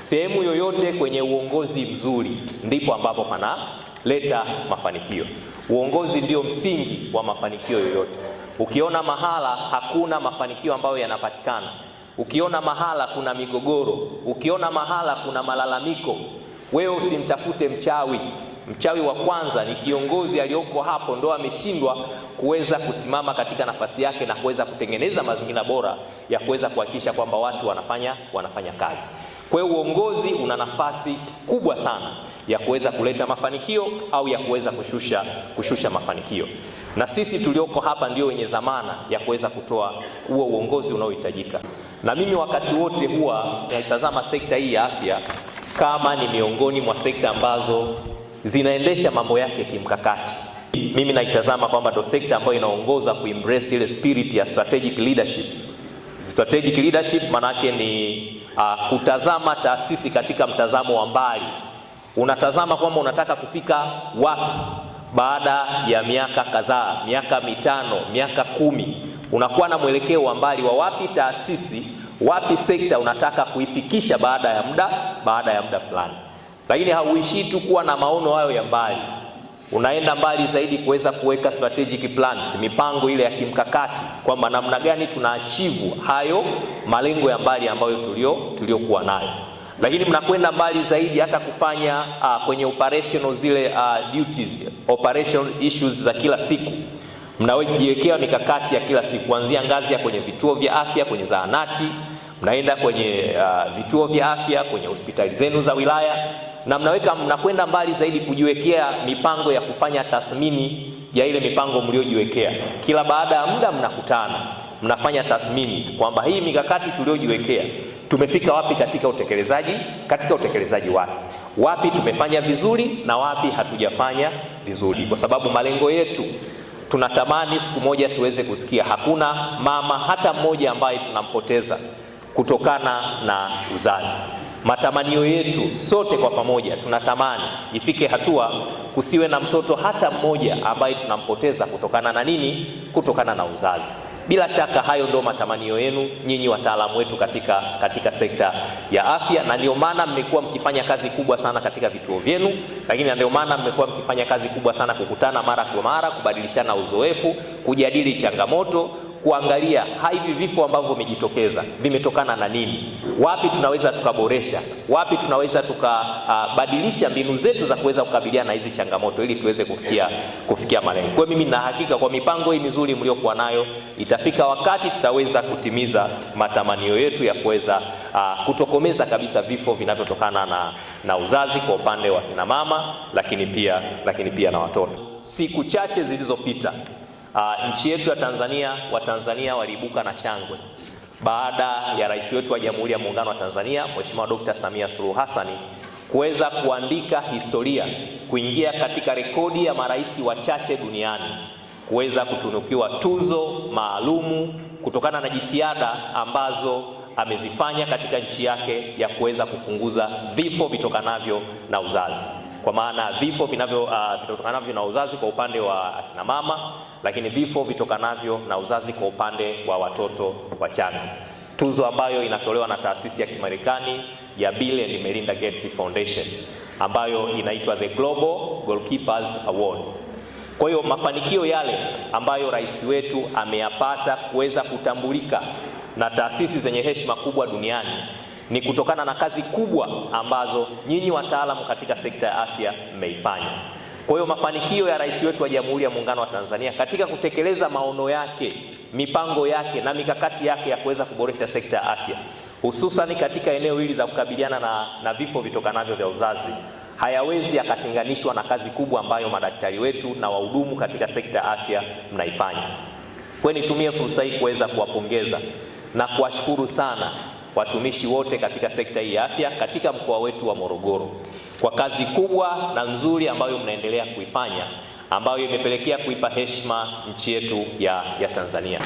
Sehemu yoyote kwenye uongozi mzuri ndipo ambapo panaleta mafanikio. Uongozi ndio msingi wa mafanikio yoyote. Ukiona mahala hakuna mafanikio ambayo yanapatikana, ukiona mahala kuna migogoro, ukiona mahala kuna malalamiko, wewe usimtafute mchawi. Mchawi wa kwanza ni kiongozi aliyoko hapo, ndo ameshindwa kuweza kusimama katika nafasi yake na kuweza kutengeneza mazingira bora ya kuweza kuhakikisha kwamba watu wanafanya wanafanya kazi. Kwa hiyo uongozi una nafasi kubwa sana ya kuweza kuleta mafanikio au ya kuweza kushusha, kushusha mafanikio, na sisi tulioko hapa ndio wenye dhamana ya kuweza kutoa huo uongozi unaohitajika. Na mimi wakati wote huwa naitazama sekta hii ya afya kama ni miongoni mwa sekta ambazo zinaendesha mambo yake kimkakati. Mimi naitazama kwamba ndo sekta ambayo inaongoza kuimbrace ile spirit ya strategic leadership Strategic leadership manake ni uh, kutazama taasisi katika mtazamo wa mbali. Unatazama kwamba unataka kufika wapi baada ya miaka kadhaa, miaka mitano, miaka kumi. Unakuwa na mwelekeo wa mbali wa wapi taasisi, wapi sekta unataka kuifikisha baada ya muda, baada ya muda fulani, lakini hauishii tu kuwa na maono hayo ya mbali unaenda mbali zaidi kuweza kuweka strategic plans, mipango ile ya kimkakati kwamba namna gani tuna hayo malengo ya mbali ambayo tulio tuliokuwa nayo, lakini mnakwenda mbali zaidi hata kufanya uh, kwenye operational zile uh, duties, operation issues za kila siku mnawejiwekea mikakati ya kila siku kuanzia ngazi ya kwenye vituo vya afya, kwenye zahanati mnaenda kwenye uh, vituo vya afya, kwenye hospitali zenu za wilaya, na mnaweka mnakwenda mbali zaidi kujiwekea mipango ya kufanya tathmini ya ile mipango mliojiwekea. Kila baada ya muda mnakutana, mnafanya tathmini kwamba hii mikakati tuliojiwekea tumefika wapi katika utekelezaji, katika utekelezaji wake, wapi tumefanya vizuri na wapi hatujafanya vizuri, kwa sababu malengo yetu tunatamani siku moja tuweze kusikia hakuna mama hata mmoja ambaye tunampoteza kutokana na uzazi. Matamanio yetu sote kwa pamoja tunatamani ifike hatua kusiwe na mtoto hata mmoja ambaye tunampoteza kutokana na nini? Kutokana na uzazi. Bila shaka hayo ndio matamanio yenu nyinyi wataalamu wetu katika, katika sekta ya afya, na ndio maana mmekuwa mkifanya kazi kubwa sana katika vituo vyenu, lakini ndio maana mmekuwa mkifanya kazi kubwa sana kukutana mara kwa mara, kubadilishana uzoefu, kujadili changamoto kuangalia hivi vifo ambavyo vimejitokeza vimetokana na nini, wapi tunaweza tukaboresha, wapi tunaweza tukabadilisha ah, uh, mbinu zetu za kuweza kukabiliana na hizi changamoto ili tuweze kufikia, kufikia malengo. Kwa mimi nina hakika kwa mipango hii mizuri mliokuwa nayo, itafika wakati tutaweza kutimiza matamanio yetu ya kuweza uh, kutokomeza kabisa vifo vinavyotokana na, na uzazi kwa upande wa kinamama, lakini pia, lakini pia na watoto. Siku chache zilizopita Uh, nchi yetu ya Tanzania, Watanzania waliibuka na shangwe baada ya rais wetu wa Jamhuri ya Muungano wa Tanzania Mheshimiwa Dr. Samia Suluhu Hassan kuweza kuandika historia, kuingia katika rekodi ya marais wachache duniani kuweza kutunukiwa tuzo maalumu kutokana na jitihada ambazo amezifanya katika nchi yake ya kuweza kupunguza vifo vitokanavyo na uzazi kwa maana vifo vinavyo uh, vitokanavyo na uzazi kwa upande wa akina mama, lakini vifo vitokanavyo na uzazi kwa upande wa watoto wachanga, tuzo ambayo inatolewa na taasisi ya Kimarekani ya Bill and Melinda Gates Foundation ambayo inaitwa the Global Goalkeepers Award. Kwa hiyo mafanikio yale ambayo rais wetu ameyapata kuweza kutambulika na taasisi zenye heshima kubwa duniani ni kutokana na kazi kubwa ambazo nyinyi wataalamu katika sekta ya afya mmeifanya. Kwa hiyo mafanikio ya rais wetu wa Jamhuri ya Muungano wa Tanzania katika kutekeleza maono yake, mipango yake na mikakati yake ya kuweza kuboresha sekta ya afya hususan katika eneo hili za kukabiliana na, na vifo vitokanavyo vya uzazi hayawezi yakatenganishwa na kazi kubwa ambayo madaktari wetu na wahudumu katika sekta ya afya mnaifanya. Kwa nitumie fursa hii kuweza kuwapongeza na kuwashukuru sana watumishi wote katika sekta hii ya afya katika mkoa wetu wa Morogoro kwa kazi kubwa na nzuri ambayo mnaendelea kuifanya ambayo imepelekea kuipa heshima nchi yetu ya, ya Tanzania.